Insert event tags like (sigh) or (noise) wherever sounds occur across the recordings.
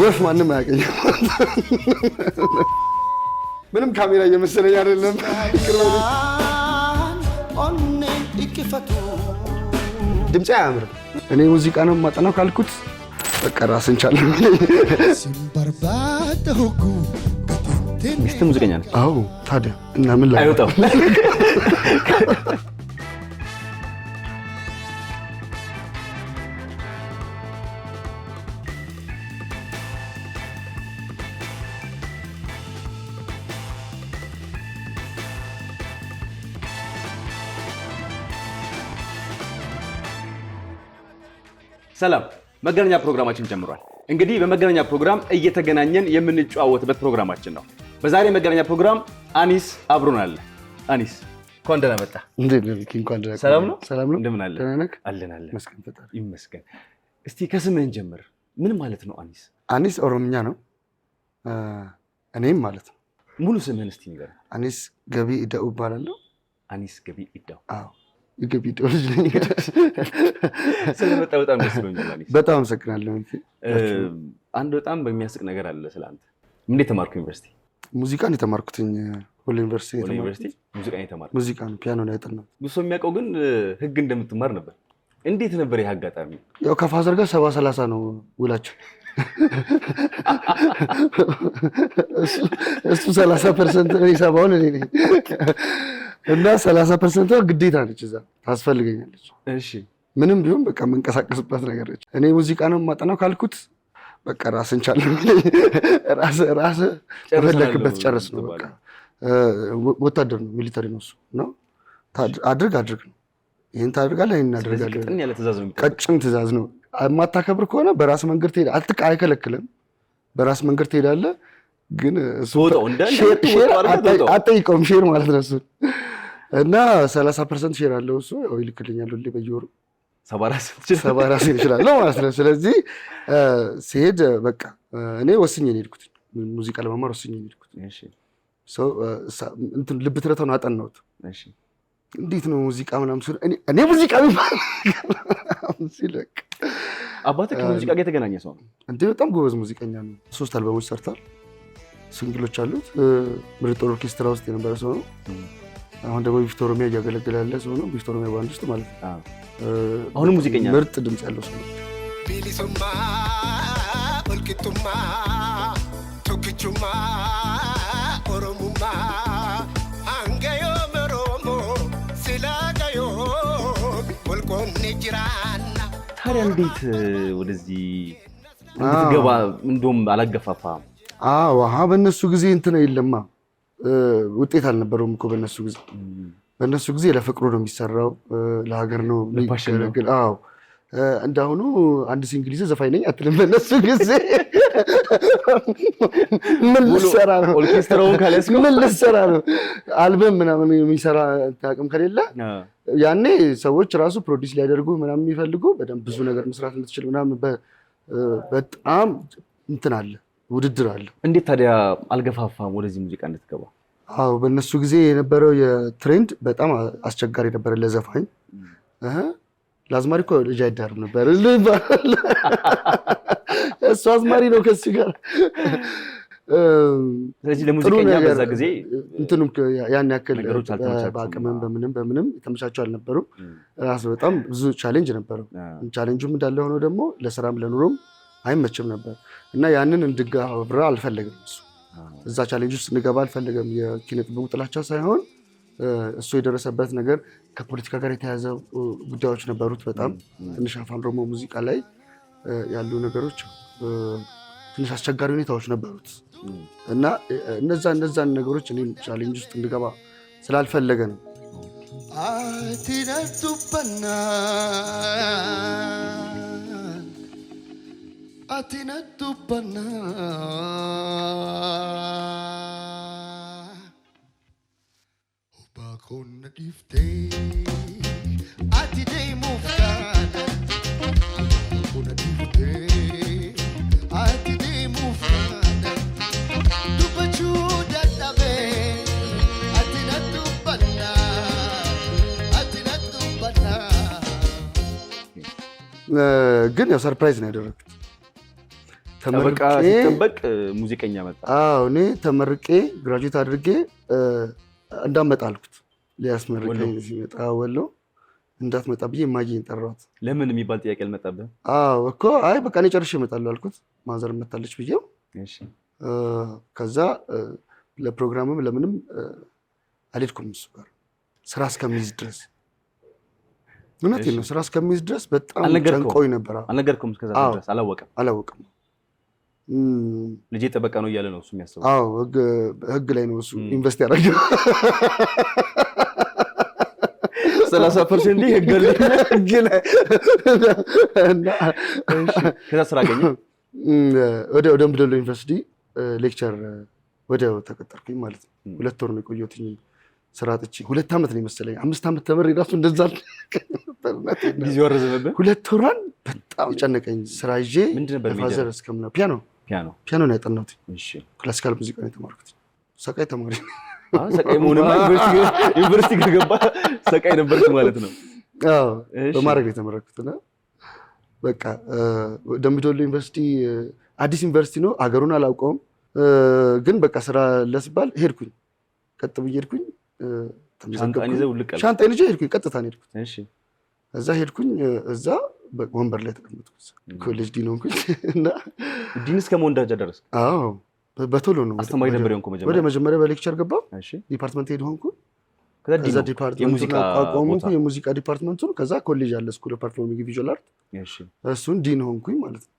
ወፍ ማንም አያገኘው። ምንም ካሜራ እየመሰለኝ አይደለም። ድምፅ አያምርም። እኔ ሙዚቃ ነው ማጠናው ካልኩት በቃ ራስን ቻለ። ሚስትህ ሙዚቀኛ ነች? አዎ። ታዲያ እና ምን ላይ አይወጣም ሰላም መገናኛ ፕሮግራማችን ጀምሯል። እንግዲህ በመገናኛ ፕሮግራም እየተገናኘን የምንጨዋወትበት ፕሮግራማችን ነው። በዛሬ መገናኛ ፕሮግራም አኒስ አብሮን አለ። አኒስ እንኳን ደህና መጣ። ሰላም ነው? እንደምን አለ? አለን አለን፣ ይመስገን። እስቲ ከስምህን ጀምር። ምን ማለት ነው አኒስ? አኒስ ኦሮምኛ ነው። እኔም ማለት ነው። ሙሉ ስምህን እስቲ ንገረን። አኒስ ገቢ እዳው እባላለሁ። አኒስ ገቢ እዳው ኢትዮጵያ ይመስለኛል። ስለመጣ በጣም ደስ ብሎኛል። በጣም አመሰግናለሁ። አንድ በጣም በሚያስቅ ነገር አለ ስለ አንተ። እንዴት ተማርኩ ዩኒቨርሲቲ? ሙዚቃን የተማርኩትኝ ሁሉ ዩኒቨርሲቲ ሙዚቃን የተማርኩት ሙዚቃን ፒያኖ ላይ ያጠናሁት። ብዙ ሰው የሚያውቀው ግን ህግ እንደምትማር ነበር። እንዴት ነበር ይህ አጋጣሚ? ያው ከፋዘር ጋር ሰባ ሰላሳ ነው ውላቸው እሱ ሰላሳ ፐርሰንት ነው የሰባውን እኔ ነኝ እና 30 ፐርሰንቷ ግዴታ ነች፣ እዛ ታስፈልገኛለች። እሺ ምንም ቢሆን በቃ የምንቀሳቀስበት ነገር ነች። እኔ ሙዚቃ ነው የማጠናው ካልኩት በቃ ራስን ቻለ (laughs) ራስ ራስ የፈለክበት ጨርስ ነው። በቃ ወታደር ነው ሚሊተሪ ነው እሱ ነው። አድርግ አድርግ ነው። ይህን ታደርጋለህ፣ ይህን እናደርጋለን። ቀጭን ትዕዛዝ ነው። የማታከብር ከሆነ በራስ መንገድ ትሄዳለህ። አትቃ አይከለክልም። በራስ መንገድ ትሄዳለህ። ግን አጠይቀውም ሼር ማለት ነው እሱን እና ሰላሳ ፐርሰንት ሼር አለው እሱ ይልክልኛል ሁሌ በየወሩ ሰባ ራሴ እችላለሁ ማለት ነው። ስለዚህ ሲሄድ በቃ እኔ ወስኜ ነው የሄድኩት፣ ሙዚቃ ለመማር ወስኜ ነው የሄድኩት። ልብ ትረታውን አጠናሁት። እንዴት ነው ሙዚቃ ምናምን ሲሉ እኔ ሙዚቃ ሲል አባትህ ከሙዚቃ ጋር የተገናኘ ሰው ነው እንዴ? በጣም ጎበዝ ሙዚቀኛ ነው። ሶስት አልበሞች ሰርቷል። ሲንግሎች አሉት። ምርጦር ኦርኬስትራ ውስጥ የነበረ ሰው ነው። አሁን ደግሞ ቪክቶሮሚያ እያገለገለ ያለ ሰው ነው። ቪክቶሮሚያ ባንድ ውስጥ ማለት ነው። አሁንም ሙዚቀኛ ምርጥ ድምፅ ያለው ሰው ቢሊሱማ ኦልኪቱማ ቶክቹማ ኦሮሙማ አንገዮም ኦሮሞ ሲላቀዮም ወልቆኔ ጅራና ታዲያ እንዴት ወደዚህ ገባ? እንደውም አላገፋፋም አዎ አሀ በእነሱ ጊዜ እንትን የለማ ውጤት አልነበረውም እኮ በእነሱ ጊዜ። በእነሱ ጊዜ ለፍቅሩ ነው የሚሰራው፣ ለሀገር ነው የሚገለግል። አዎ እንዳሁኑ አንድ ሲንግል ይዘህ ዘፋኝ ነኝ አትልም። በእነሱ ጊዜ ምን ልሰራ ነው? ኦርኬስትራውን ካለስኩ ምን ልሰራ ነው? አልበም ምናምን የሚሰራ አቅም ከሌለ ያኔ ሰዎች ራሱ ፕሮዲስ ሊያደርጉ ምናምን የሚፈልጉ በደንብ ብዙ ነገር መስራት የምትችል ምናምን በጣም እንትን አለ ውድድር አለው። እንዴት ታዲያ አልገፋፋም ወደዚህ ሙዚቃ እንድትገባ? አዎ በእነሱ ጊዜ የነበረው የትሬንድ በጣም አስቸጋሪ ነበረ ለዘፋኝ። ለአዝማሪ እኮ ልጅ አይዳርም ነበር እሱ አዝማሪ ነው ከሱ ጋር ስለዚህ ለሙዚቀኛ በዛ ጊዜ እንትንም ያን ያክል በአቅምም በምንም በምንም የተመቻቸው አልነበሩም። ራስ በጣም ብዙ ቻሌንጅ ነበረው። ቻሌንጁም እንዳለ ሆኖ ደግሞ ለስራም ለኑሮም አይመችም ነበር። እና ያንን እንድጋብራ አልፈለግም። እሱ እዛ ቻሌንጅ ውስጥ እንገባ አልፈለገም። የኪነ ጥበቡ ጥላቻ ሳይሆን እሱ የደረሰበት ነገር ከፖለቲካ ጋር የተያዘ ጉዳዮች ነበሩት። በጣም ትንሽ አፋን ኦሮሞ ሙዚቃ ላይ ያሉ ነገሮች ትንሽ አስቸጋሪ ሁኔታዎች ነበሩት እና እነዛ እነዛን ነገሮች እኔም ቻሌንጅ ውስጥ እንድገባ ስላልፈለገ ነው። أتنا الدبنا وباكون يفتي أتدي مفتانا باكون يفتي أتدي مفتانا دبجون ግን ያው ሰርፕራይዝ ነው ያደረግኩት። ተመርቄ ሲጠበቅ ሙዚቀኛ መጣ። አዎ እኔ ተመርቄ ግራጁዌት አድርጌ እንዳትመጣ አልኩት። ሊያስመርቀኝ ሲመጣ ወሎ እንዳትመጣ ብዬ ማየኝ ጠራት። ለምን የሚባል ጥያቄ አልመጣብህም? አዎ እኮ አይ በቃ እኔ ጨርሼ እመጣለሁ አልኩት። ማዘር መታለች ብዬው ከዛ ለፕሮግራምም ለምንም አልሄድኩም እሱ ጋር ስራ እስከሚይዝ ድረስ እውነቴን ነው። ስራ እስከሚይዝ ድረስ በጣም ጨንቆኝ ነበር። አልነገርኩም፣ እስከዛ ድረስ አላወቅም አላወቅም ልጄ ጠበቃ ነው እያለ ነው እሱ የሚያስበው። ህግ ላይ ነው እሱ ኢንቨስት ያደረገው። ሰላሳ ፐርሰንት ህግ ላይ ከዛ ስራ አገኘ። ወደ ደምቢ ዶሎ ዩኒቨርሲቲ ሌክቸር ወዲያው ተቀጠርኩኝ ማለት ነው። ሁለት ወር ነው የቆየሁት ስራ አጥቼ። ሁለት ዓመት ነው የመሰለኝ አምስት ዓመት ተመሬ እራሱ እንደዛ ሁለት ወሯን በጣም ጨነቀኝ። ስራ ይዤ ፋዘር እስከምና ፒያኖ ፒያኖ ፒያኖ ነው ያጠናሁት። ክላሲካል ሙዚቃ ነው የተማርኩት። ሰቃይ ተማሪ ሰቃይ መሆንማ ዩኒቨርሲቲ ከገባ ሰቃይ ነበርኩ ማለት ነው። በማድረግ ነው የተመረኩት እና በቃ ደምቢዶሎ ዩኒቨርሲቲ አዲስ ዩኒቨርሲቲ ነው። አገሩን አላውቀውም፣ ግን በቃ ስራ ለስባል ሄድኩኝ። ቀጥ ብዬ ሄድኩኝ፣ ሻንጣ ይዤ ሄድኩኝ። ቀጥታ ነው ሄድኩት። እዛ ሄድኩኝ እዛ ወንበር ላይ ተቀመጥኩት ኮሌጅ ዲን ሆንኩኝ (laughs) እና ዲን እስከ መሆን ደረጃ ደረስ። በቶሎ ነው አስተማሪ ነበር ሆንኩ። ወደ መጀመሪያ በሌክቸር ገባሁ፣ ዲፓርትመንት ሄድ ሆንኩ። ከዛ ዲፓርትመንቱን የሙዚቃ ዲፓርትመንቱ ከዛ ኮሌጅ አለ ስኩል ኦፍ ፐርፎርሚንግ ቪዥዋል አርት፣ እሱን ዲን ሆንኩኝ ማለት ነው።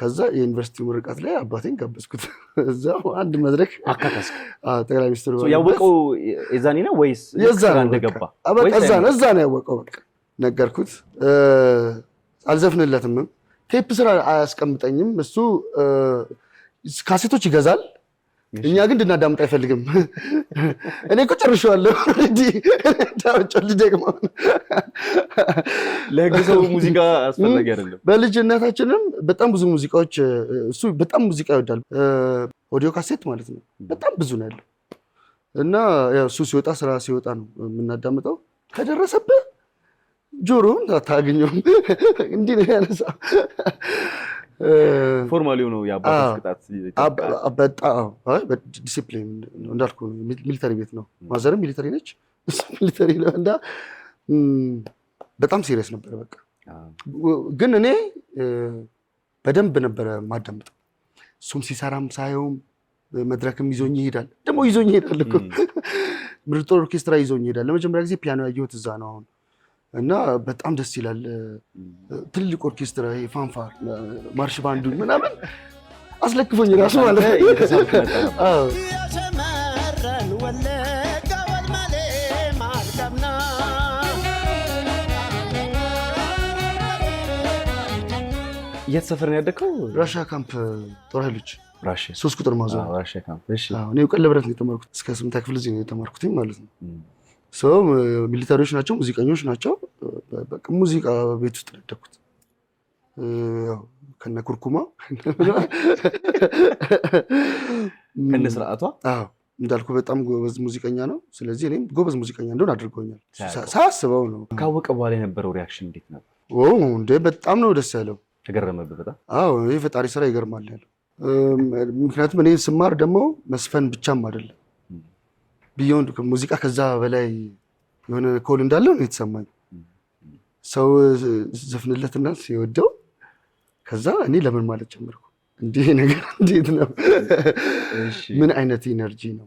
ከዛ የዩኒቨርሲቲ ምርቃት ላይ አባቴን ጋበዝኩት። (laughs) እዛ አንድ መድረክ (laughs) ጠቅላይ ሚኒስትሩ ያወቀው የዛኔ ነው ወይስ እዛ ነው ያወቀው? በቃ ነገርኩት አልዘፍንለትም ቴፕ ስራ አያስቀምጠኝም። እሱ ካሴቶች ይገዛል። እኛ ግን እንድናዳምጥ አይፈልግም። እኔ እኮ ጨርሼዋለሁ። ደግሞ ለህግ ሙዚቃ አስፈላጊ አይደለም። በልጅነታችንም በጣም ብዙ ሙዚቃዎች እሱ በጣም ሙዚቃ ይወዳል። ኦዲዮ ካሴት ማለት ነው። በጣም ብዙ ነው ያለው እና እሱ ሲወጣ ስራ ሲወጣ ነው የምናዳምጠው ከደረሰብህ ጆሮውን አታገኘውም። እንዲህ ነው ያነሳ። ፎርማሊ ነው ዲሲፕሊን እንዳልኩ ሚሊተሪ ቤት ነው። ማዘርም ሚሊተሪ ነች፣ ሚሊተሪ ነው እና በጣም ሲሪየስ ነበረ። በቃ ግን እኔ በደንብ ነበረ ማዳምጠው። እሱም ሲሰራም ሳየውም መድረክም ይዞኝ ይሄዳል። ደግሞ ይዞኝ ይሄዳል እኮ ምርጥ ኦርኬስትራ ይዞኝ ይሄዳል። ለመጀመሪያ ጊዜ ፒያኖ ያየሁት እዛ ነው አሁን እና በጣም ደስ ይላል። ትልቅ ኦርኬስትራ፣ ፋንፋር፣ ማርሽ ባንዱ ምናምን አስለክፎኝ ራሱ ማለት (laughs) የት ሰፈር ነው ያደግከው? ራሻ ካምፕ ጦር ኃይሎች ሶስት ቁጥር ማዞ እኔ ቀለብረት ነው የተማርኩት። እስከ ስምንት ክፍል እዚህ ነው የተማርኩትኝ ማለት ነው። ሰው ሚሊታሪዎች ናቸው፣ ሙዚቀኞች ናቸው። በቃ ሙዚቃ ቤት ውስጥ ነው ከነ ኩርኩማ (laughs) ከነ ስርዓቷ። አዎ እንዳልኩ በጣም ጎበዝ ሙዚቀኛ ነው። ስለዚህ እኔም ጎበዝ ሙዚቀኛ እንደሆን አድርጎኛል። ሳስበው ነው። ካወቀ በኋላ የነበረው ሪያክሽን እንዴት ነበር? እንደ በጣም ነው ደስ ያለው። ተገረመብህ በጣም? አዎ የፈጣሪ ስራ ይገርማል ያለው። ምክንያቱም እኔ ስማር ደግሞ መስፈን ብቻም አይደለም ቢዮንድ ሙዚቃ ከዛ በላይ የሆነ ኮል እንዳለው ነው የተሰማኝ። ሰው ዘፍንለትና ሲወደው ከዛ እኔ ለምን ማለት ጀመርኩ። እንዲህ ነገር (laughs) እንዴት ነው? ምን አይነት ኢነርጂ ነው?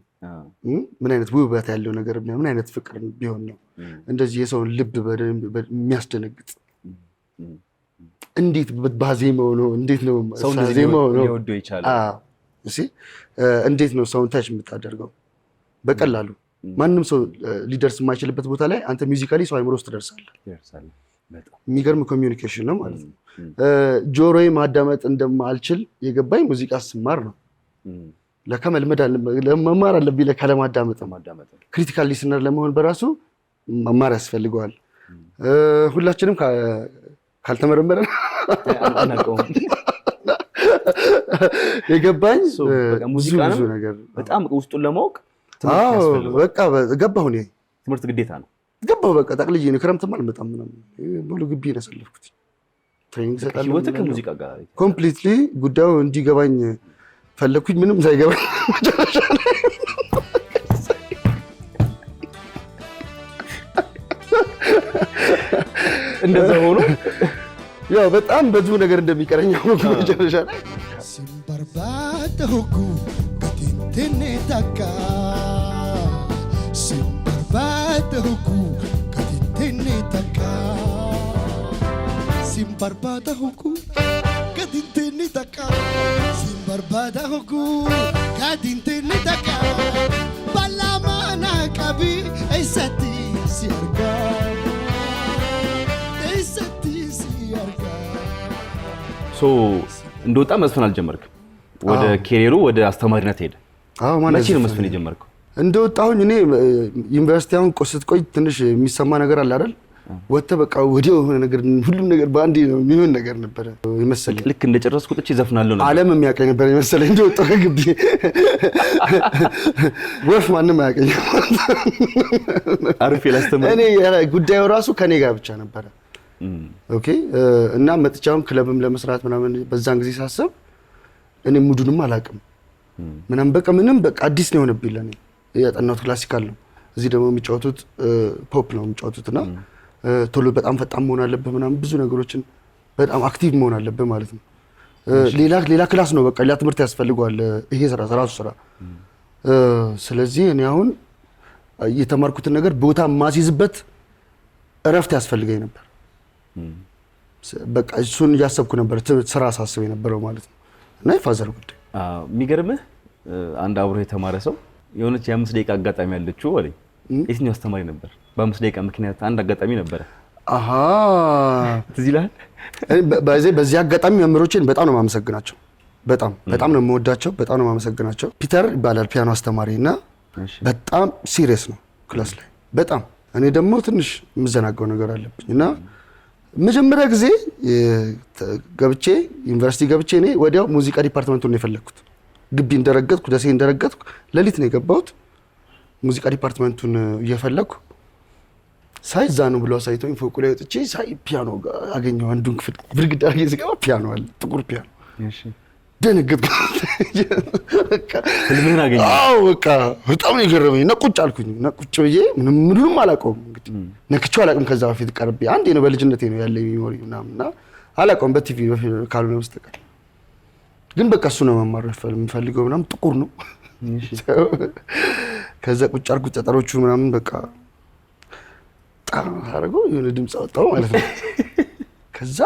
ምን አይነት ውበት ያለው ነገር፣ ምን አይነት ፍቅር ቢሆን ነው እንደዚህ የሰውን ልብ የሚያስደነግጥ? እንዴት ባዜማው ነው እንዴት ነው ዜማው ነው እንዴት ነው ሰውን ታች የምታደርገው በቀላሉ ማንም ሰው ሊደርስ የማይችልበት ቦታ ላይ አንተ ሚውዚካሊ ሰው አይምሮ ውስጥ ደርሳለ። የሚገርም ኮሚኒኬሽን ነው ማለት ነው። ጆሮዬ ማዳመጥ እንደማልችል የገባኝ ሙዚቃ ስማር ነው። ለካ መልመድ መማር አለብኝ። ለካ ለማዳመጥ ክሪቲካል ሊስነር ለመሆን በራሱ መማር ያስፈልገዋል። ሁላችንም ካልተመረመረ የገባኝ ብዙ ብዙ ነገር በጣም ውስጡን ለማወቅ በቃ ገባሁ ትምህርት ግዴታ ነው። ገባሁ በቃ ጠቅልዬ ነው። ክረምትም አልመጣም ምናምን ሙሉ ግቢ ነው ያሳለፍኩት። ትሬኒንግ ሰጣለሁ ከሙዚቃ ጋር ኮምፕሊትሊ ጉዳዩ እንዲገባኝ ፈለግኩኝ። ምንም ሳይገባኝ መጨረሻ ላይ እንደዛ ሆኖ ያው በጣም ነገር እንደሚቀረኝ መጨረሻ ላይ huku kadintinitaka simbarbaada huku kadintinitaka simbarbaada huku kadintinitaka balamaana qabi eessatti si argaa eessatti si argaa ሶ እንደወጣ መዝፈን አልጀመርክም። ወደ ኬሪሩ ወደ አስተማሪነት ሄደ። መቼ ነው መዝፈን የጀመርከው? እንደወጣሁኝ እኔ ዩኒቨርሲቲ አሁን ቆስት ቆይ ትንሽ የሚሰማ ነገር አለ አይደል? ወጥተህ በቃ ወዲያው የሆነ ነገር ሁሉም ነገር በአንድ የሚሆን ነገር ነበረ የመሰለኝ። ልክ እንደጨረስኩ ጥቼ ዘፍናለሁ ነበር ዓለም የሚያውቀኝ ነበረ የመሰለኝ። እንደወጣሁ ግቢ ወፍ ማንም አያቀኝ አሪፍ ላስተምር እኔ ጉዳዩ ራሱ ከኔ ጋር ብቻ ነበረ። ኦኬ እና መጥቻውን ክለብም ለመስራት ምናምን በዛን ጊዜ ሳስብ እኔ ሙዱንም አላውቅም ምናምን በቃ ምንም በቃ አዲስ ነው የሆነብኝ ለእኔ ያጠናሁት ክላሲካል ነው። እዚህ ደግሞ የሚጫወቱት ፖፕ ነው የሚጫወቱት እና ቶሎ በጣም ፈጣን መሆን አለብህ ምናምን ብዙ ነገሮችን በጣም አክቲቭ መሆን አለብህ ማለት ነው። ሌላ ሌላ ክላስ ነው በቃ ሌላ ትምህርት ያስፈልገዋል ይሄ ስራ ራሱ ስራ። ስለዚህ እኔ አሁን የተማርኩትን ነገር ቦታ ማስይዝበት እረፍት ያስፈልገኝ ነበር። በቃ እሱን እያሰብኩ ነበር ስራ ሳስብ የነበረው ማለት ነው። እና የፋዘር ጉዳይ የሚገርምህ አንድ አብሮ የተማረ ሰው የሆነች የአምስት ደቂቃ አጋጣሚ ያለችው ወ የትኛው አስተማሪ ነበር? በአምስት ደቂቃ ምክንያት አንድ አጋጣሚ ነበረ። ትዝ ይልሃል። በዚህ አጋጣሚ መምህሮቼን በጣም ነው የማመሰግናቸው። በጣም በጣም ነው የምወዳቸው። በጣም ነው የማመሰግናቸው። ፒተር ይባላል ፒያኖ አስተማሪ እና በጣም ሲሪየስ ነው ክላስ ላይ በጣም እኔ ደግሞ ትንሽ የምዘናገው ነገር አለብኝ እና መጀመሪያ ጊዜ ገብቼ ዩኒቨርሲቲ ገብቼ እኔ ወዲያው ሙዚቃ ዲፓርትመንቱን ነው የፈለግኩት። ግቢ እንደረገጥኩ ደሴ እንደረገጥኩ ሌሊት ነው የገባሁት። ሙዚቃ ዲፓርትመንቱን እየፈለግኩ ሳይ እዛ ነው ብሎ አሳይተው ፎቁ ላይ ወጥቼ ሳይ ፒያኖ አገኘሁ። አንዱን ክፍል ብርግዳ ላይ ስገባ ፒያኖ አለ፣ ጥቁር ፒያኖ። ደነገጥኩ። ህልምህን በቃ በጣም ነው የገረመኝ። ነቁጭ አልኩኝ። ነቁጭ ብዬ ምንም አላውቀውም። እንግዲህ ነክቼው አላውቅም። ከዛ በፊት ቀርቤ አንዴ ነው በልጅነቴ ነው ያለ ሚሞሪ ምናምን እና አላውቀውም በቲቪ ካልሆነ በስተቀር ግን በቃ እሱ ነው መማር የምፈልገው ምናምን ጥቁር ነው። (laughs) ከዛ ቁጭ አልኩ ጠጠሮቹ ምናምን በቃ ጣም አደረገው የሆነ ድምፅ አወጣው ማለት ነው። (laughs) ከዛ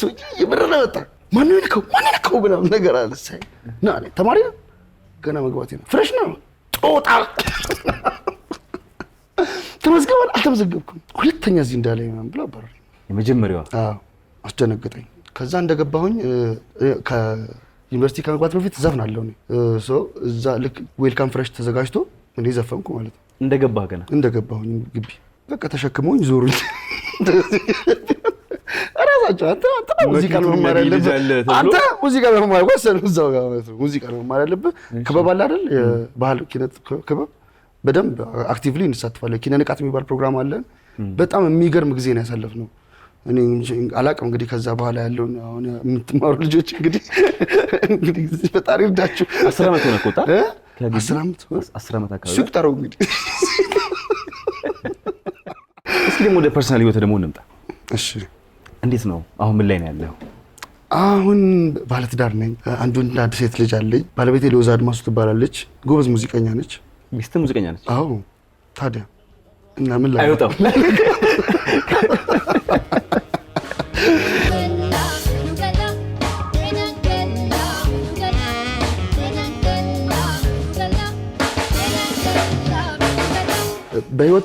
ሰውዬ እየበረረ መጣ። ማን ነካው ማን ነካው ምናምን ነገር አለ። ሳይ ና ተማሪ ነው ገና መግባቴ ነው ፍሬሽ ነው ጦጣ (laughs) ተመዝግበል አልተመዘገብኩም። ሁለተኛ እዚህ እንዳለ ምናምን ብላ በረረ። የመጀመሪያዋ አስደነገጠኝ። ከዛ እንደገባሁኝ ከዩኒቨርሲቲ ከመግባት በፊት ዘፍናለሁ እዛ ልክ ዌልካም ፍሬሽ ተዘጋጅቶ እኔ ዘፈንኩ ማለት ነው። እንደገባ ገና እንደገባሁኝ ግቢ በቃ ተሸክመውኝ ዞሩኝ። (laughs) ራሳቸው አንተ ሙዚቃ መማር ያለብህ ሙዚቃ እዛው ጋር ሙዚቃ ነው። ሙዚቃ መማር ያለብህ ክበብ አለ አይደል? የባህል ኪነት ክበብ በደንብ አክቲቭሊ እንሳትፋለን። ኪነ ንቃት የሚባል ፕሮግራም አለን። በጣም የሚገርም ጊዜ ነው ያሳለፍነው። እኔ አላቅም እንግዲህ ከዛ በኋላ ያለውን አሁን የምትማሩ ልጆች እንግዲህ (laughs) እንግዲህ ፈጣሪ እርዳችሁ። አስር ዓመት ሆነ ቆጣ አስር ዓመት አስር ዓመት አካባቢ ቁጠረው እንግዲህ። (laughs) እስኪ ደግሞ ወደ ፐርሰናል ህይወት ደግሞ እንምጣ። እሺ እንዴት ነው አሁን ምን ላይ ነው ያለው? አሁን ባለትዳር ነኝ። አንዱ ወንድና አንድ ሴት ልጅ አለኝ። ባለቤቴ ሎዛ አድማሱ ትባላለች። ጎበዝ ሙዚቀኛ ነች። ሚስት ሙዚቀኛ ነች። አዎ ታዲያ እና ምን ላይ አይወጣም (laughs) በህይወት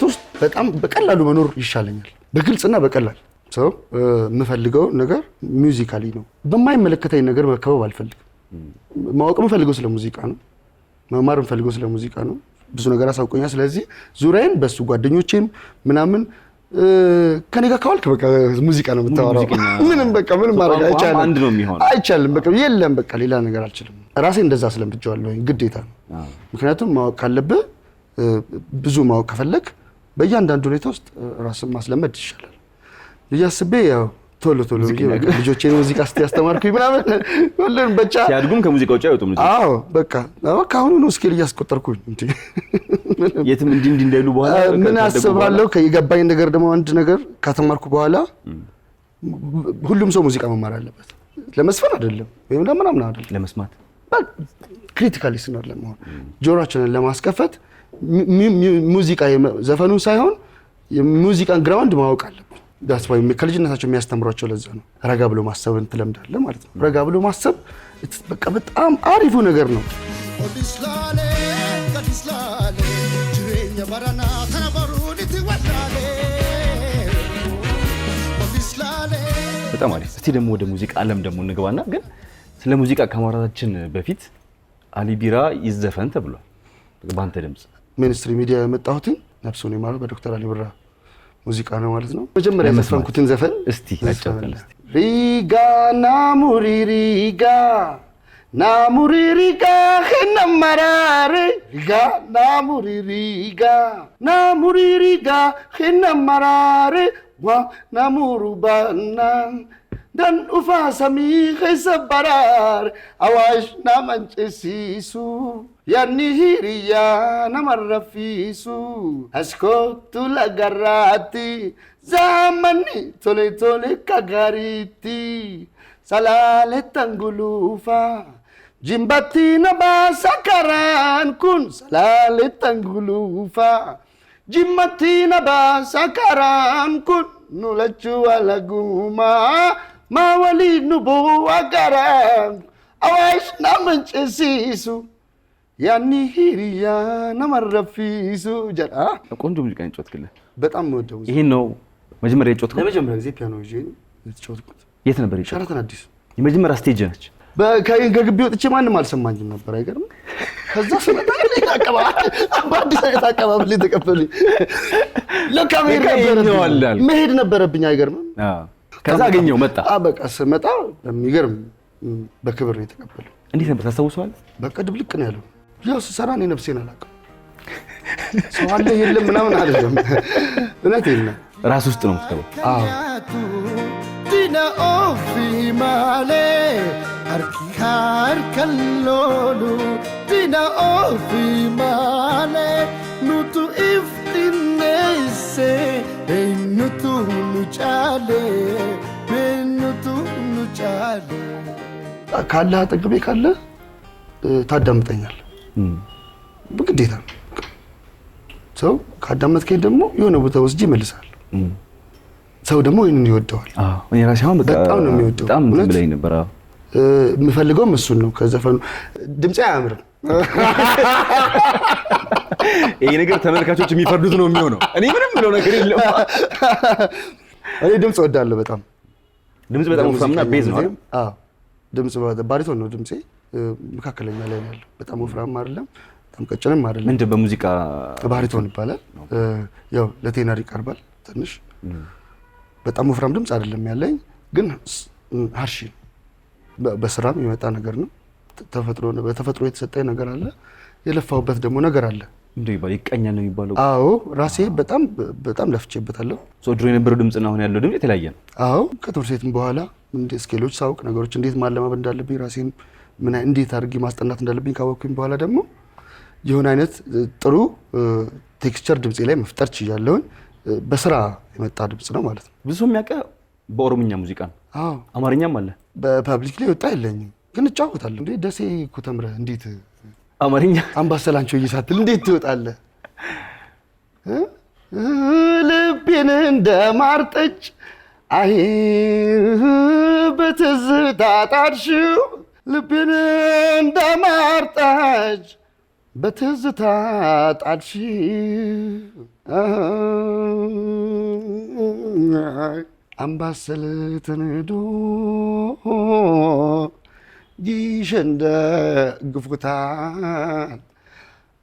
ውስጥ በጣም በቀላሉ መኖር ይሻለኛል። በግልጽና በቀላል ሰው የምፈልገው ነገር ሚውዚካሊ ነው። በማይመለከተኝ ነገር መከበብ አልፈልግም። ማወቅ የምፈልገው ስለ ሙዚቃ ነው። መማር የምፈልገው ስለ ሙዚቃ ነው። ብዙ ነገር አሳውቆኛል። ስለዚህ ዙሪያዬን በሱ ጓደኞቼም ምናምን ከኔ ጋር ከዋልክ በቃ ሙዚቃ ነው የምታወራው። ምንም በቃ ምንም ማድረግ አይቻልም፣ አንድ ነው የሚሆነው። አይቻልም በቃ የለም፣ በቃ ሌላ ነገር አልችልም። ራሴ እንደዛ ስለምትጀዋለሁ ግዴታ ነው። ምክንያቱም ማወቅ ካለብህ ብዙ ማወቅ ከፈለግ በእያንዳንዱ ሁኔታ ውስጥ ራስን ማስለመድ ይሻላል ብዬ አስቤ ያው ቶሎ ቶሎ ልጆቼን ሙዚቃ ስ ያስተማርኩኝ ምናምን ሁሉን በቻ ሲያድጉም ከሙዚቃ ውጭ አይወጡም። አዎ በቃ ከአሁኑ ነው ስኬል እያስቆጠርኩኝ (laughs) የትም እንዲ እንዲ እንዳይሉ በኋላ ምን አስባለሁ የገባኝ ነገር ደግሞ አንድ ነገር ካተማርኩ በኋላ ሁሉም ሰው ሙዚቃ መማር አለበት። ለመስፈን አይደለም ወይም ለምናምን አይደለም፣ ለመስማት ክሪቲካል ሊስነር ለመሆን ጆሮችንን ለማስከፈት ሙዚቃ ዘፈኑን ሳይሆን ሙዚቃን ግራውንድ ማወቅ አለበት። ወይም ከልጅነታቸው የሚያስተምሯቸው ለዛ ነው። ረጋ ብሎ ማሰብ እንትለምዳለ ማለት ነው። ረጋ ብሎ ማሰብ በቃ በጣም አሪፉ ነገር ነው። በጣም አሪፍ። እስቲ ደግሞ ወደ ሙዚቃ አለም ደግሞ እንግባና ግን ስለ ሙዚቃ ከማውራታችን በፊት አሊቢራ ይዘፈን ተብሏል። በአንተ ድምፅ ሚኒስትሪ ሚዲያ የመጣሁትን ነፍሱን የማሉ በዶክተር አሊብራ ሙዚቃ ነው ማለት ነው። መጀመሪያ የዘፈንኩትን ዘፈን እስቲ ሪጋ ናሙሪ ሪጋ ናሙሪ ሪጋ ኸነመራር ሪጋ ናሙሪ ሪጋ ናሙሪ ሪጋ ኸነመራር ዋ ናሙሩ ባናን ደን ኡፋ ሰሚ ኸይሰበራር አዋሽ ናመንጭሲሱ يا نهيري يا نمر في سو اسكت لا غراتي زماني تولي تولي كغاريتي سلالة تنغلوفا جيمباتي نبا سكران كون سلالة تنغلوفا جيمباتي نبا سكران كون نولاتشو على غوما ما ولي نبو اغارام اواش نمشي سيسو ያኒ ሂሪያ ነመረፊሱ ጀዳ ቆንጆ ሙዚቃ ይጫወትክልን። በጣም ወደው ይሄን ነው መጀመሪያ የጫወትኩት። ለመጀመሪያ ጊዜ ፒያኖ ይዤ የት ነበር? ሸራተን አዲስ የመጀመሪያ ስቴጅ ነች። ከግቢ ወጥቼ ማንም አልሰማኝም ነበር። አይገርም። ከዛ ስመጣ በአዲስ አይነት አቀባበል የተቀበሉኝ ለካ መሄድ ነበረብኝ። አይገርምም። ከዛ አገኘው መጣ። በቃ ስመጣ በሚገርም በክብር ነው የተቀበሉ። እንዴት ነበር ታስታውሰዋል? በቃ ድብልቅ ነው ያለው ያው ስሰራ እኔ ነፍሴን አላውቅም። ሰው አለ የለም ምናምን አይደለም፣ እውነት የለ ራስ ውስጥ ነው ምትገባው። ካለ አጠገቤ ካለ ታዳምጠኛል ግዴታ ነው። ሰው ከሄድ ደግሞ የሆነ ቦታ ወስጄ ይመልሳል። ሰው ደግሞ ይህንን ይወደዋል። በጣም ነው የሚወደው። የምፈልገውም እሱን ነው። ከዘፈኑ ድምፄ አያምርም። ይህ ነገር ተመልካቾች የሚፈርዱት ነው የሚሆነው። እኔ ምንም ብለው ነገር የለም። እኔ ድምፅ ወዳለሁ በጣም ድምፅ በጣም ወፍራምና ቤዝ ነው። ድምፅ ባሪቶን ነው ድምፄ መካከለኛ ላይ ነው ያለው። በጣም ወፍራም አይደለም፣ በጣም ቀጭንም አይደለም። ምንድን በሙዚቃ ባሪቶን ይባላል። ያው ለቴነር ይቀርባል ትንሽ። በጣም ወፍራም ድምፅ አይደለም ያለኝ፣ ግን ሀርሺ በስራም የመጣ ነገር ነው። ተፈጥሮ በተፈጥሮ የተሰጠኝ ነገር አለ፣ የለፋውበት ደግሞ ነገር አለ። እንዴ ይባል ይቀኛል ነው የሚባለው። አዎ ራሴ በጣም በጣም ለፍቼበታለሁ። ሶ ድሮ የነበረው ድምፅና አሁን ያለው ድምፅ የተለያየ ነው። አዎ ከትምህርት ቤትም በኋላ ስኬሎች ሳውቅ ነገሮች እንዴት ማለማመድ እንዳለብኝ ራሴን ምን እንዴት አድርጌ ማስጠናት እንዳለብኝ ካወቅኩኝ በኋላ ደግሞ የሆነ አይነት ጥሩ ቴክስቸር ድምፄ ላይ መፍጠር ችያለሁኝ። በስራ የመጣ ድምፅ ነው ማለት ነው። ብዙ ሰው የሚያውቀው በኦሮምኛ ሙዚቃ ነው። አማርኛም አለ። በፐብሊክ ላይ ወጣ የለኝም፣ ግን እጫወታለሁ። እንዴ ደሴ እኮ ተምረህ እንዴት አማርኛ አምባሰላንቸው እየሳትል እንዴት ትወጣለህ? ልቤን እንደ ማርጠጭ አይ በትዝታ ጣጣድሽው ልቤን እንዳማርጣች በትዝታ ጣልሽ አምባሰል ተንዶ ይሸንደ ግፉታል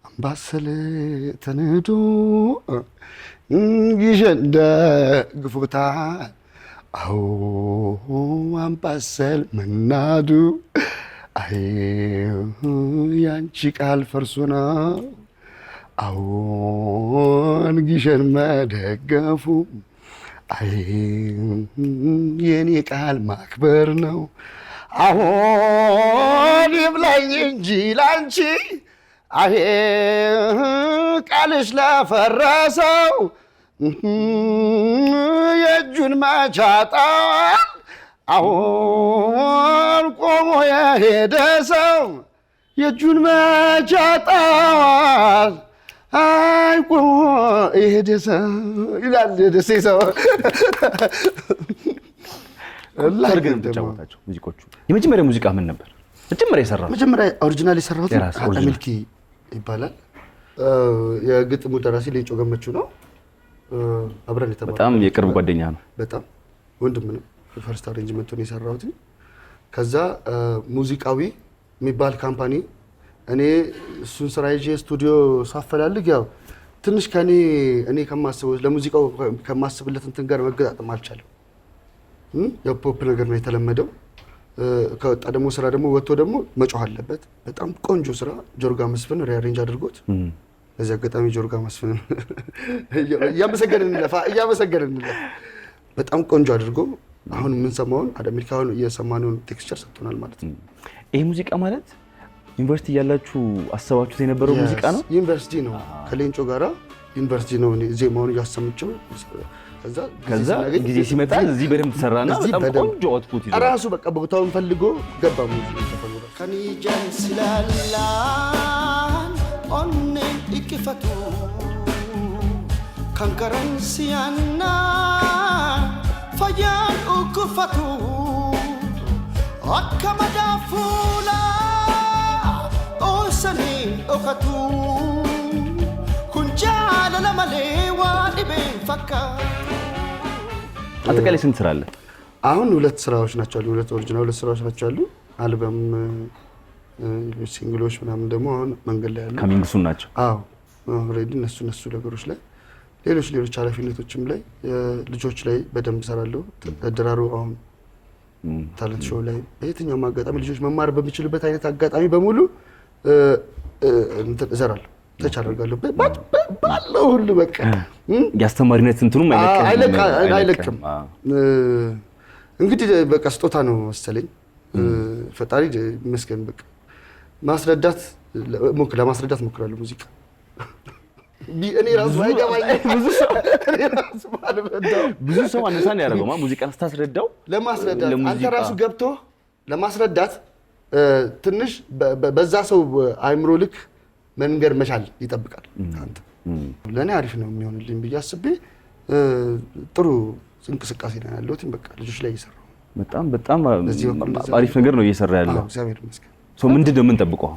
አምባሰል ተንዶ ይሸንደ ግፉታል አዎ አምባሰል መናዱ አይ ያንቺ ቃል ፈርሶ ነው። አዎን ግሸን መደገፉ አይ የኔ ቃል ማክበር ነው። አዎን ይብላኝ እንጂ ላንቺ አይ ቃልሽ ለፈረሰው የእጁን ማቻጣል አሁን ቆሞ የሄደ ሰው የእጁን ማቻጣል አይ ቆሞ የሄደ ሰው ይላል የደሴ ሰው። አድርገን የምትጫወታቸው ሙዚቆቹ የመጀመሪያ ሙዚቃ ምን ነበር? መጀመሪያ የሰራ መጀመሪያ ኦሪጂናል የሰራሁት ሚልኪ ይባላል። የግጥሙ ደራሲ ሌንጮ ገመቹ ነው። አብረን የተማርነው በጣም የቅርብ ጓደኛ ነው። በጣም ወንድም ነው። ፈርስት አሬንጅመንቱን የሰራሁት ከዛ ሙዚቃዊ የሚባል ካምፓኒ እኔ እሱን ስራ ይዤ ስቱዲዮ ሳፈላልግ ያው ትንሽ ከኔ እኔ ከማስበው ለሙዚቃው ከማስብለት እንትን ጋር መገጣጠም አልቻለም። የፖፕ ነገር ነው የተለመደው። ከወጣ ደግሞ ስራ ደግሞ ወጥቶ ደግሞ መጮህ አለበት። በጣም ቆንጆ ስራ ጆርጋ መስፍን ሪአሬንጅ አድርጎት በዚህ አጋጣሚ ጆርጋ መስፍን እያመሰገንን እንለፋ እያመሰገንን እንለፋ። በጣም ቆንጆ አድርጎ አሁን የምንሰማውን አደ አሜሪካውን እየሰማነውን ቴክስቸር ሰጥቶናል ማለት ነው። ይህ ሙዚቃ ማለት ዩኒቨርሲቲ እያላችሁ አሰባችሁት የነበረው ሙዚቃ ነው። ዩኒቨርሲቲ ነው ከሌንጮ ጋራ ዩኒቨርሲቲ ነው ዜማውን እያሰምቸው ከዛ ጊዜ ሲመጣ እዚህ በደንብ ተሰራና በጣም ቆንጆ አውትፑት ይዞ ራሱ በቃ ቦታውን ፈልጎ ገባ ሙዚቃ ተፈልጓል። ይክፈቱ ከንከረንስያና ፈያን ክፈቱ አከ መዳፉላ ኦሰኔ እኸቱ ኩንጃለ ለመሌ ስራ አለ? አሁን ሁለት ስራዎች ናቸው አሉ። ሁለት ኦሪጂናል ሁለት ስራዎች ናቸው አሉ። አልበም፣ ሲንግሎች ምናምን ደግሞ አሁን መንገድ ላይ ያሉ ከሚንግሱን ናቸው። አዎ በማህበራዊ እነሱ እነሱ ነገሮች ላይ ሌሎች ሌሎች ኃላፊነቶችም ላይ ልጆች ላይ በደንብ እሰራለሁ። ድራሩ አሁን ታለንት ሾው ላይ በየትኛውም አጋጣሚ ልጆች መማር በሚችሉበት አይነት አጋጣሚ በሙሉ እዘራለሁ ተቻ አደርጋለሁ ባለው ሁሉ በቃ የአስተማሪነት እንትኑም አይለቅም። እንግዲህ በቃ ስጦታ ነው መሰለኝ ፈጣሪ ይመስገን። በቃ ማስረዳት ለማስረዳት እሞክራለሁ ሙዚቃ እኔ ራሱ አይገባኝም። ብዙ ሰው አነሳን ያደረገው ሙዚቃን ስታስረዳው ለማስረዳት አንተ ራሱ ገብቶ ለማስረዳት ትንሽ በዛ ሰው አይምሮ ልክ መንገድ መቻል ይጠብቃል። ለእኔ አሪፍ ነው የሚሆንልኝ ብዬ አስቤ ጥሩ እንቅስቃሴ ነው ያለው። በቃ ልጆች ላይ እየሰራሁ በጣም በጣም አሪፍ ነገር ነው እየሰራ ያለው። ምንድን ነው የምንጠብቀው?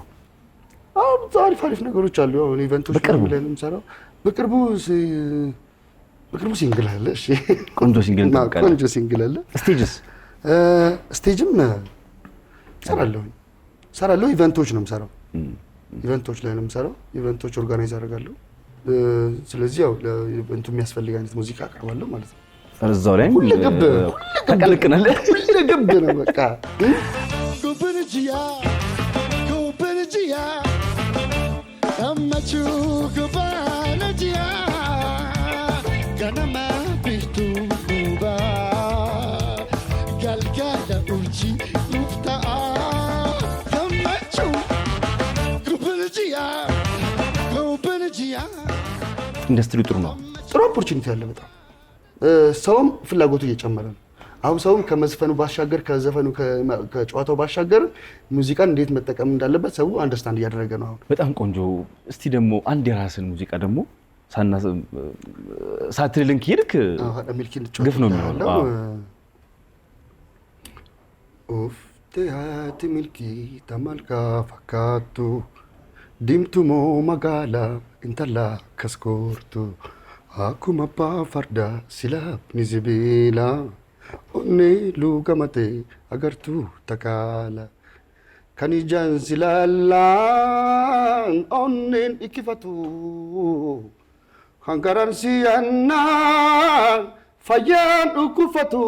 አሪፍ አሪፍ ነገሮች አሉ። አሁን ኢቨንቶች ብለን የምሰራው በቅርቡ በቅርቡ ሲንግል አለ። እሺ ቆንጆ ሲንግል ነው። ቆንጆ ሲንግል አለ። ስቴጅስ ስቴጅም ሰራለሁ ሰራለሁ። ኢቨንቶች ነው የምሰራው። ኢቨንቶች ላይ ነው የምሰራው። ኢቨንቶች ኦርጋናይዝ አደርጋለሁ። ስለዚህ ያው ለኢቨንቱ የሚያስፈልግ አይነት ሙዚቃ አቀርባለሁ ማለት ነው። እዛው ላይ ሁሉ ግብ ሁለገብ ሁሉ ግብ ነው በቃ ያ ኢንዱስትሪ ጥሩ ነው። ጥሩ ኦፖርቹኒቲ አለ በጣም ሰውም ፍላጎቱ እየጨመረ ነው። አሁን ሰውም ከመዝፈኑ ባሻገር ከዘፈኑ ከጨዋታው ባሻገር ሙዚቃን እንዴት መጠቀም እንዳለበት ሰው አንደርስታንድ እያደረገ ነው። አሁን በጣም ቆንጆ። እስቲ ደግሞ አንድ የራስን ሙዚቃ ደግሞ ሳትልልን ከሄድክ ግፍ ነው የሚሆነው። ኦፍቴሃቲ ሚልኪ ተማልካ ፈካቱ ዲምቱሞ መጋላ እንተላ ከስኮርቱ አኩመባ ፈርዳ ሲላብ ኒዝቢላ onni luugamate agartuu takaala. Kan ijaan si laallaan onneen dhikkifatu. Hangaraan si fayyaan dhukkufatu.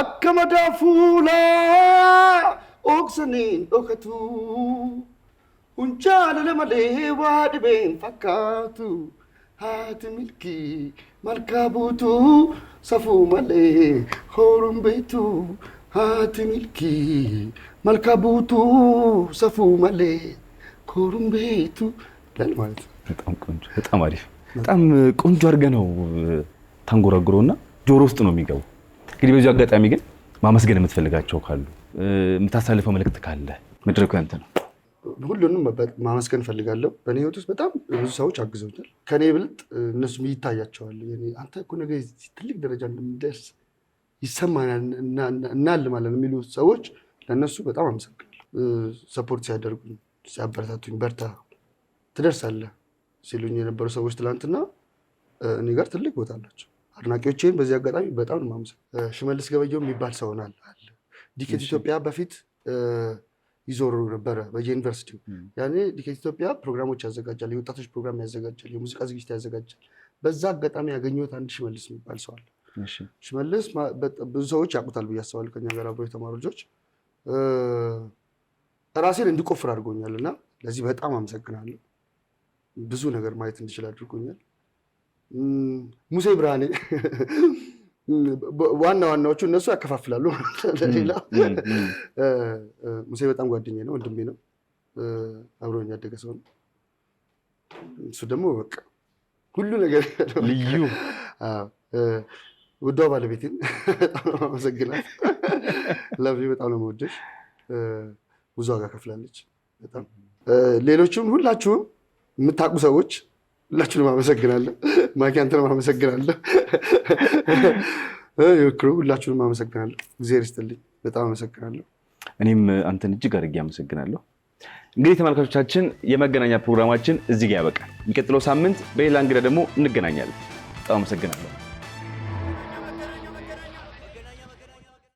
Akka madaa fuulaa ooksaniin dhokatu. lala malee waa dhibeen fakkaatu. Haati milkii malkaa buutuu. ሰፉ መሌ ሆሩም ቤቱ ሀቲ ሚልኪ መልካቡቱ ሰፉ መሌ ሆሩም ቤቱ ይላል ማለት በጣም ቆንጆ፣ በጣም አሪፍ፣ በጣም ቆንጆ አድርገህ ነው እና ጆሮ ውስጥ ነው የሚገቡ። እንግዲህ በዚሁ አጋጣሚ ግን ማመስገን የምትፈልጋቸው ካሉ፣ የምታሳልፈው መልእክት ካለ መድረኩ ያንተ ነው። ሁሉንም ማመስገን ፈልጋለሁ። በእኔ ህይወት ውስጥ በጣም ብዙ ሰዎች አግዘውታል። ከእኔ ብልጥ እነሱም ይታያቸዋል። አንተ እኮ ነገ ትልቅ ደረጃ እንደምደርስ ይሰማናል እናልማለን የሚሉ ሰዎች ለእነሱ በጣም አመሰግናለሁ። ሰፖርት ሲያደርጉኝ፣ ሲያበረታቱኝ በርታ ትደርሳለህ ሲሉኝ የነበሩ ሰዎች ትላንትና እኔ ጋር ትልቅ ቦታ አላቸው። አድናቂዎቼን በዚህ አጋጣሚ በጣም ነው ሽመልስ ገበየው የሚባል ሰው አለ ዲኬት ኢትዮጵያ በፊት ይዞሩ ነበረ በየዩኒቨርሲቲው ያኔ ዲኬት ኢትዮጵያ ፕሮግራሞች ያዘጋጃል፣ የወጣቶች ፕሮግራም ያዘጋጃል፣ የሙዚቃ ዝግጅት ያዘጋጃል። በዛ አጋጣሚ ያገኘት አንድ ሽመልስ የሚባል ሰዋል ሽመልስ ብዙ ሰዎች ያቁታል ብዬ አስባሉ ከኛ ጋር አብሮ የተማሩ ልጆች። ራሴን እንድቆፍር አድርጎኛል እና ለዚህ በጣም አመሰግናለሁ። ብዙ ነገር ማየት እንድችል አድርጎኛል። ሙሴ ብርሃኔ (laughs) ዋና ዋናዎቹ እነሱ ያከፋፍላሉ። ለሌላ (laughs) ሙሴ በጣም ጓደኛ ነው፣ ወንድሜ ነው፣ አብሮኝ ያደገ ሰው ነው። እሱ ደግሞ በቃ ሁሉ ነገር ልዩ ውዷ ባለቤቴን በጣም ነው የማመሰግናት። (laughs) በጣም ነው የምወደሽ። ብዙ ዋጋ ከፍላለች በጣም ሌሎችም ሁላችሁም የምታውቁ ሰዎች ሁላችሁንም አመሰግናለሁ። ማኪ አንተንም አመሰግናለሁ። ክሩ ሁላችሁንም አመሰግናለሁ። እግዚአብሔር ይስጥልኝ። በጣም አመሰግናለሁ። እኔም አንተን እጅግ አድርጌ አመሰግናለሁ። እንግዲህ ተመልካቾቻችን የመገናኛ ፕሮግራማችን እዚህ ጋ ያበቃል። የሚቀጥለው ሳምንት በሌላ እንግዳ ደግሞ እንገናኛለን። በጣም አመሰግናለሁ።